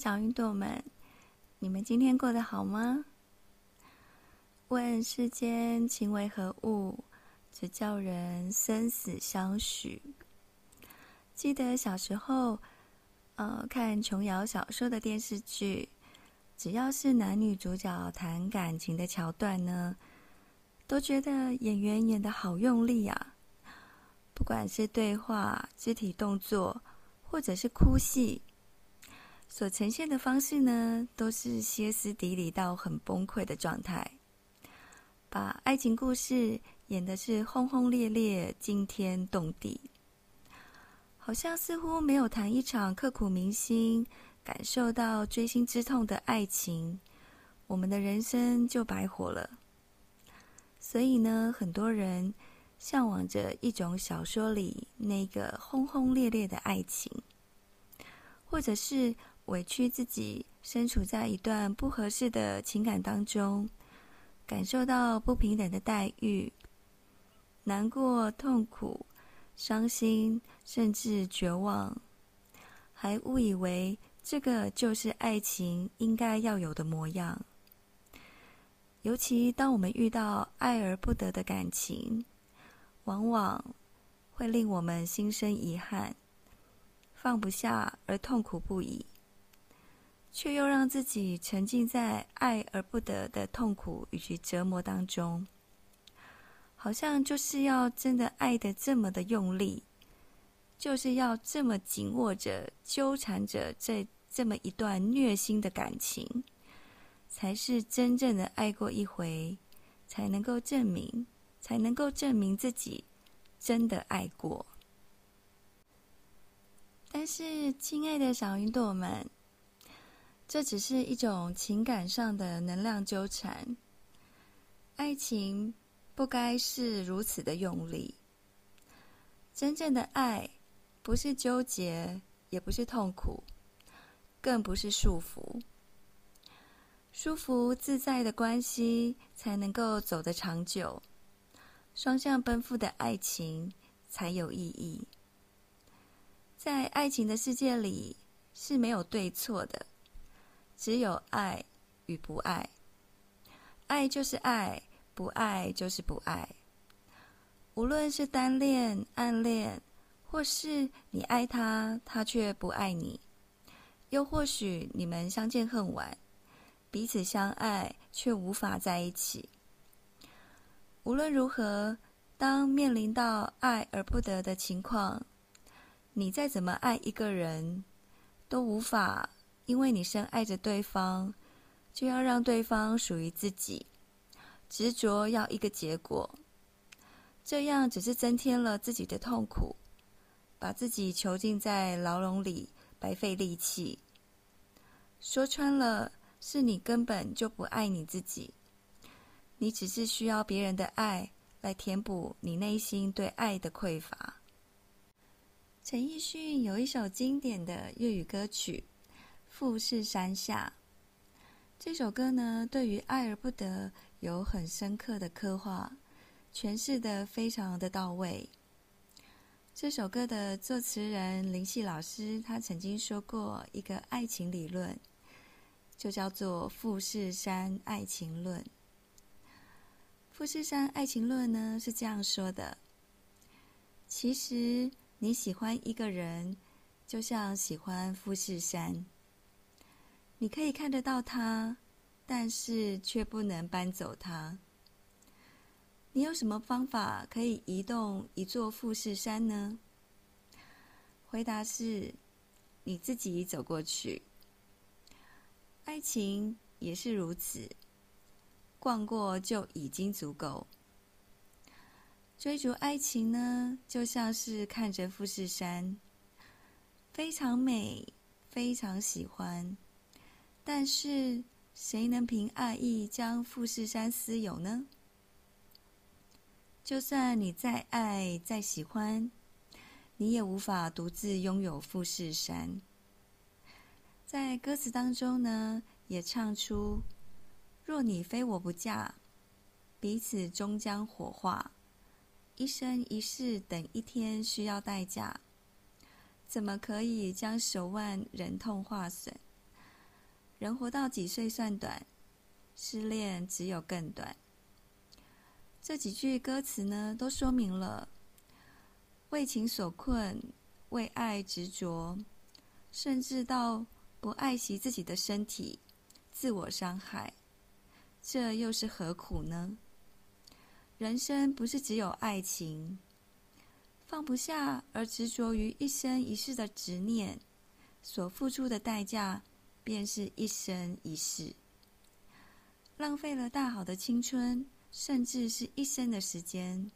小雲朵們，你們今天過得好嗎？問世間情為何物，只叫人生死相許。記得小時候，呃，看瓊瑤小說的電視劇，只要是男女主角談感情的橋段呢，都覺得演員演得好用力啊，不管是對話、肢體動作，或者是哭戲。所呈現的方式呢，都是歇斯底里到很崩潰的狀態，把愛情故事演的是轟轟烈烈、驚天動地，好像似乎沒有談一場刻骨銘心、感受到錐心之痛的愛情，我們的人生就白活了。所以呢，很多人向往着一種小說裡那個轟轟烈烈的愛情，或者是，委屈自己，身處在一段不合適的情感當中，感受到不平等的待遇，難過、痛苦、傷心，甚至絕望，還誤以為這個就是愛情應該要有的模樣。尤其當我們遇到愛而不得的感情，往往會令我們心生遺憾，放不下而痛苦不已。卻又讓自己沉浸在愛而不得的痛苦以及折磨當中，好像就是要真的愛得這麼的用力，就是要這麼緊握着、糾纏着這這麼一段虐心的感情，才是真正的愛過一回，才能夠證明，才能夠證明自己真的愛過。但是，親愛的小雲朵們。這只是一種情感上的能量糾纏。愛情不該是如此的用力。真正的愛不是糾結，也不是痛苦，更不是束縛。舒服自在的關係才能夠走得長久，雙向奔赴的愛情才有意義。在愛情的世界裡是沒有對錯的。只有愛與不愛，愛就是愛，不愛就是不愛。無論是單戀、暗戀，或是你愛他，他卻不愛你；又或許你們相見恨晚，彼此相愛卻無法在一起。無論如何，當面臨到愛而不得的情況，你再怎麼愛一個人，都無法。因為你深愛着對方，就要讓對方屬於自己，執着要一個結果，這樣只是增添了自己的痛苦，把自己囚禁在牢籠裡，白費力氣。說穿了，是你根本就不愛你自己，你只是需要別人的愛來填補你內心對愛的匱乏。陳奕迅有一首經典的粵語歌曲。富士山下這首歌呢，對於愛而不得有很深刻的刻畫，詮釋的非常的到位。這首歌的作詞人林夕老師，他曾經說過一個愛情理論，就叫做《富士山愛情論》。富士山愛情論呢是這樣說的：其實你喜歡一個人，就像喜歡富士山。你可以看得到它，但是卻不能搬走它。你有什麼方法可以移動一座富士山呢？回答是：你自己走過去。愛情也是如此，逛過就已經足夠。追逐愛情呢，就像是看着富士山，非常美，非常喜歡。但是，誰能憑愛意將富士山私有呢？就算你再愛、再喜歡，你也無法獨自擁有富士山。在歌詞當中呢，也唱出：若你非我不嫁，彼此終將火化；一生一世等一天，需要代價，怎麼可以將手腕忍痛劃損？人活到幾歲算短？失戀只有更短。這幾句歌詞呢，都說明了為情所困、為愛執着，甚至到不愛惜自己的身體、自我傷害，這又是何苦呢？人生不是只有愛情，放不下而執着於一生一世的執念，所付出的代價，便是一生一世，浪費了大好的青春，甚至是一生的時間。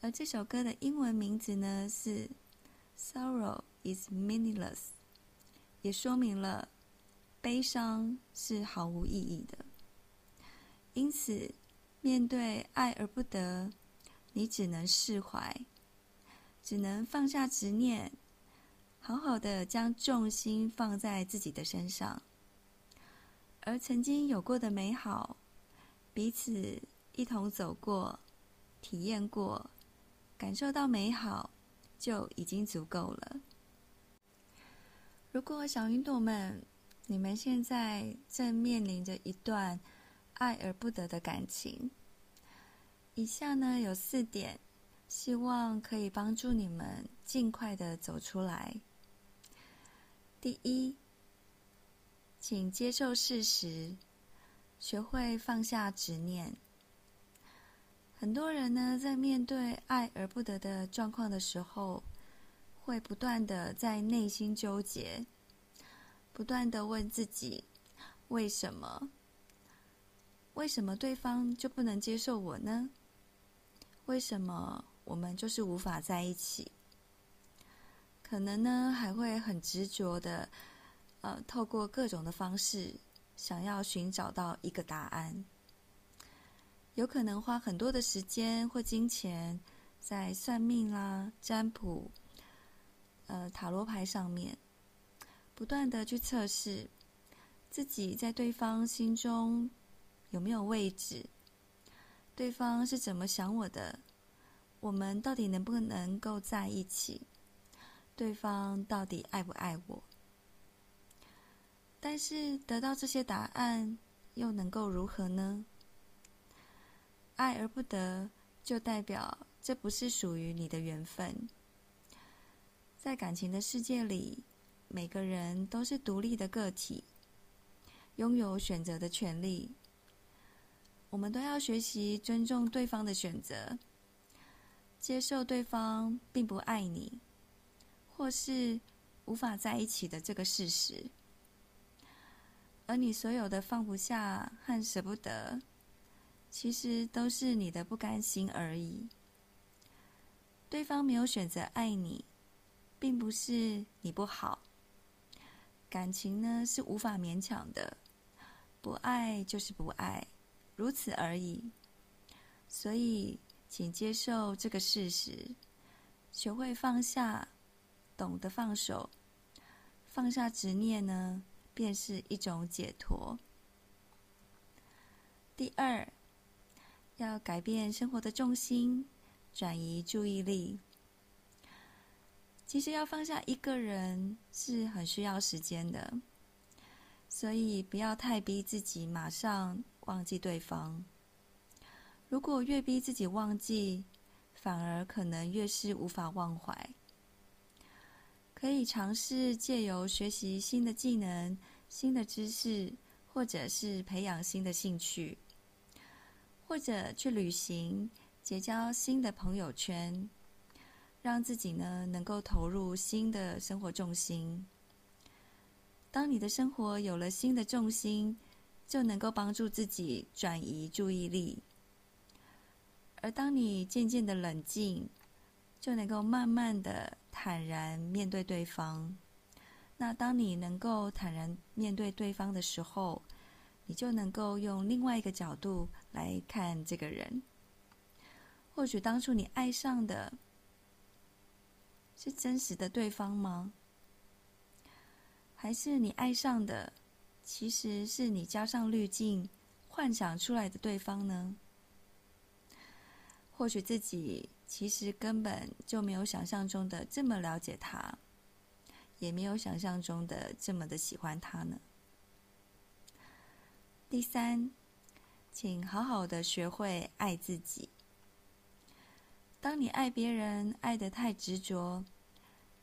而這首歌的英文名字呢是《Sorrow is Meaningless》，也說明了悲傷是毫無意義的。因此，面對愛而不得，你只能釋懷，只能放下執念。好好的將重心放在自己的身上，而曾經有過的美好，彼此一同走過、體驗過、感受到美好，就已經足夠了。如果小雲朵們，你們現在正面臨着一段愛而不得的感情，以下呢有四點，希望可以幫助你們盡快的走出來。第一，請接受事實，學會放下執念。很多人呢，在面對愛而不得的狀況的時候，會不斷的在內心糾結，不斷的問自己，為什麼？為什麼對方就不能接受我呢？為什麼我們就是無法在一起？可能呢，還會很執着的，呃，透過各種的方式，想要尋找到一個答案。有可能花很多的時間或金錢在算命啦、占卜、呃塔羅牌上面，不斷的去測試自己在對方心中有沒有位置，對方是怎麼想我的，我們到底能不能夠在一起？對方到底愛不愛我？但是得到這些答案又能夠如何呢？愛而不得，就代表這不是屬於你的緣分。在感情的世界裡，每個人都是獨立的個體，擁有選擇的權利。我們都要學習尊重對方的選擇，接受對方並不愛你。或是無法在一起的這個事實。而你所有的放不下和捨不得，其實都是你的不甘心而已。對方沒有選擇愛你，並不是你不好。感情呢，是無法勉強的，不愛就是不愛，如此而已。所以，請接受這個事實，學會放下。懂得放手，放下執念呢，便是一種解脫。第二，要改變生活的重心，轉移注意力。其實要放下一個人是很需要時間的，所以不要太逼自己馬上忘記對方。如果越逼自己忘記，反而可能越是無法忘懷。可以嘗試借由學習新的技能、新的知識，或者是培養新的興趣，或者去旅行、結交新的朋友圈，讓自己呢能夠投入新的生活重心。當你的生活有了新的重心，就能夠幫助自己轉移注意力，而當你漸漸的冷靜。就能夠慢慢的坦然面對對方。那當你能夠坦然面對對方的時候，你就能夠用另外一個角度來看這個人。或許當初你愛上的，是真實的對方嗎？還是你愛上的，其實是你加上濾鏡幻想出來的對方呢？或許自己。其實根本就沒有想象中的這麼了解他，也沒有想象中的這麼的喜歡他呢。第三，請好好的學會愛自己。當你愛別人愛的太執着，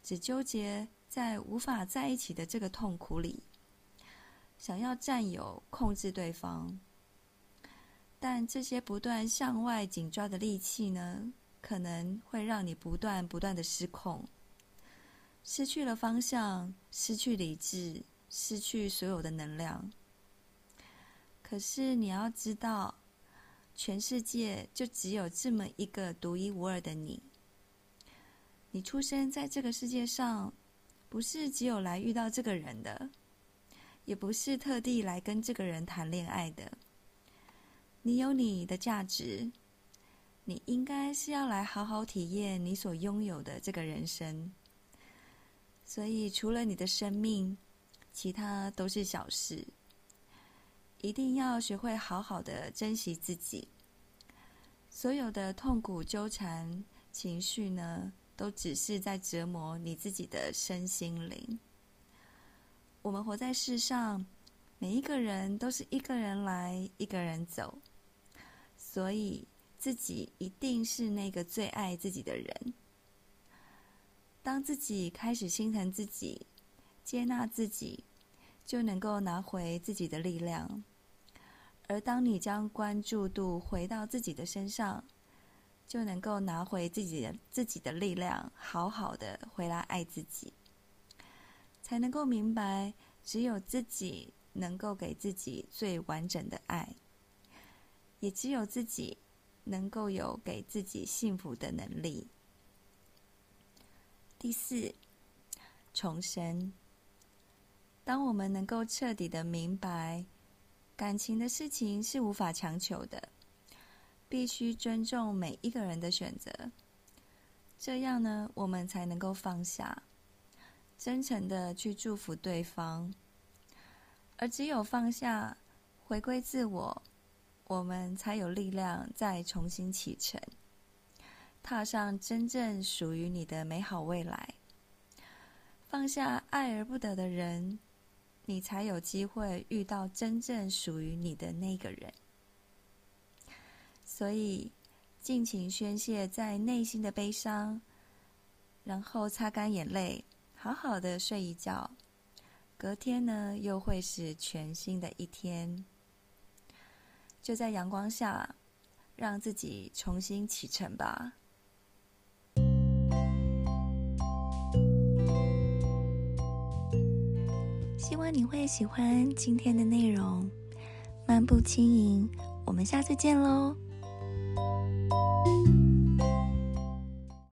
只糾結在無法在一起的這個痛苦裡，想要占有、控制對方，但這些不斷向外緊抓的力氣呢？可能會讓你不斷不斷的失控，失去了方向，失去理智，失去所有的能量。可是你要知道，全世界就只有這麼一個獨一無二的你。你出生在這個世界上，不是只有來遇到這個人的，也不是特地來跟這個人談戀愛的。你有你的價值。你應該是要來好好體驗你所擁有的這個人生，所以除了你的生命，其他都是小事。一定要學會好好的珍惜自己。所有的痛苦糾纏情緒呢，都只是在折磨你自己的身心靈。我們活在世上，每一個人都是一個人來，一個人走，所以。自己一定是那個最愛自己的人。當自己開始心疼自己、接納自己，就能夠拿回自己的力量。而當你將關注度回到自己的身上，就能夠拿回自己的自己的力量，好好的回來愛自己，才能夠明白，只有自己能夠給自己最完整的愛，也只有自己。能夠有給自己幸福的能力。第四，重生。當我們能夠徹底的明白，感情的事情是無法強求的，必須尊重每一個人的選擇。這樣呢，我們才能夠放下，真誠的去祝福對方。而只有放下，回歸自我。我們才有力量再重新啟程，踏上真正屬於你的美好未來。放下愛而不得的人，你才有機會遇到真正屬於你的那個人。所以，盡情宣洩在內心的悲傷，然後擦乾眼淚，好好的睡一覺。隔天呢，又會是全新的一天。就在陽光下，讓自己重新啟程吧。希望你會喜歡今天的內容，漫步輕盈。我們下次見嘍。